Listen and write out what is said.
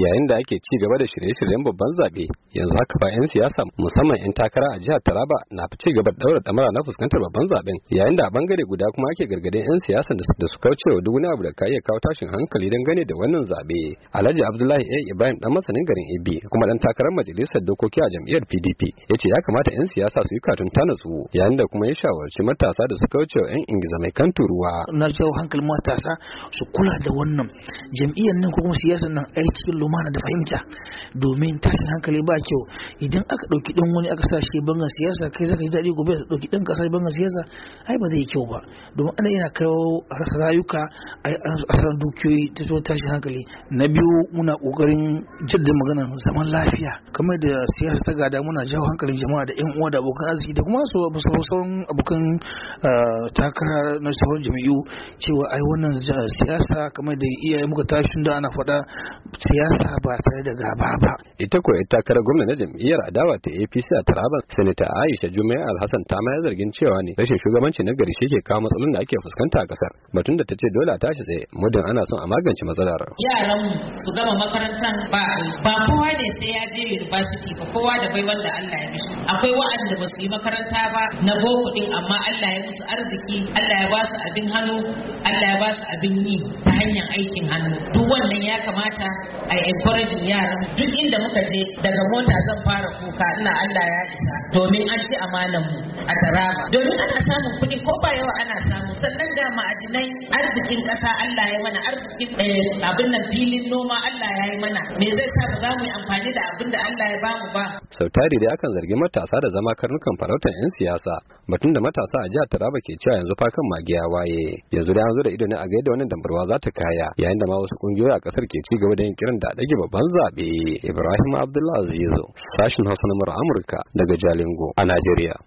yayin da ake ci gaba da shirye-shiryen babban zaɓe yanzu haka ba 'yan siyasa musamman 'yan takara a jihar taraba na ci gaba da ɗaura ɗamara na fuskantar babban zaɓen yayin da a bangare guda kuma ake gargaɗin 'yan siyasa da su kauce wa duk wani abu da ka iya kawo tashin hankali gane da wannan zaɓe alhaji abdullahi a ibrahim dan masanin garin AB kuma dan takarar majalisar dokoki a jam'iyyar pdp ya ce ya kamata 'yan siyasa su yi katun su yayin da kuma ya shawarci matasa da su kauce wa 'yan ingiza mai kan turuwa na jawo hankalin matasa su kula da wannan jam'iyyar nan ko kuma siyasar nan aiki lumana da fahimta domin tashin hankali ba kyau idan aka ɗauki ɗan wani aka sashi bangan siyasa kai zaka ji daɗi gobe da ɗauki ɗan kasa bangan siyasa ai ba zai kyau ba domin ana yana kawo rasa rayuka a dukiyoyi ta tashin hankali na biyu muna ƙoƙarin jaddada maganar zaman lafiya kamar da siyasa ta gada muna jawo hankalin jama'a da 'yan uwa da abokan arziki da kuma sauran abokan ah, takara na sauran jami'u cewa ai wannan siyasa kamar da iyaye muka tashi da ana faɗa siyasa siyasa ba tare da gaba ba. Ita ko ita takarar gwamna na jam'iyyar adawa ta APC a Taraban, Sanata Aisha Jumai Alhassan ta mayar zargin cewa ne rashin shugabanci na gari shi ke kawo matsalolin da ake fuskanta a kasar. Batun da ta ce dole a tashi tsaye, muddin ana son a magance matsalar. Yaran su gama makarantar ba ba kowa ne sai ya je university ba kowa da bai wanda Allah ya mishi. Akwai wa'anda ba su yi makaranta ba na boko din amma Allah ya musu arziki, Allah ya basu abin hannu, Allah ya basu abin yi ta hanyar aikin hannu. Duk wannan ya kamata a encouraging yaran duk inda muka je daga mota zan fara kuka ina Allah ya isa domin an ci amanan mu a taraba domin ana samun kuɗi ko ba yawa ana samu sannan ga ma'adinai arzikin ƙasa Allah ya mana arzikin eh, abin nan filin noma Allah ya yi mana me zai sa ba za mu yi amfani da abin da Allah ya bamu ba. sau tari dai akan zargi matasa da zama karnukan farautar 'yan siyasa batun da matasa a jihar taraba ke cewa yanzu fa kan magiya waye yanzu dai an zo da ido ne a gaida wannan dambarwa za ta kaya yayin da ma wasu kungiyoyi a kasar ke ci gaba da yin kiran da a dage babban zaɓe ibrahim abdullahi azizo sashin hausa na amurka daga jalingo a najeriya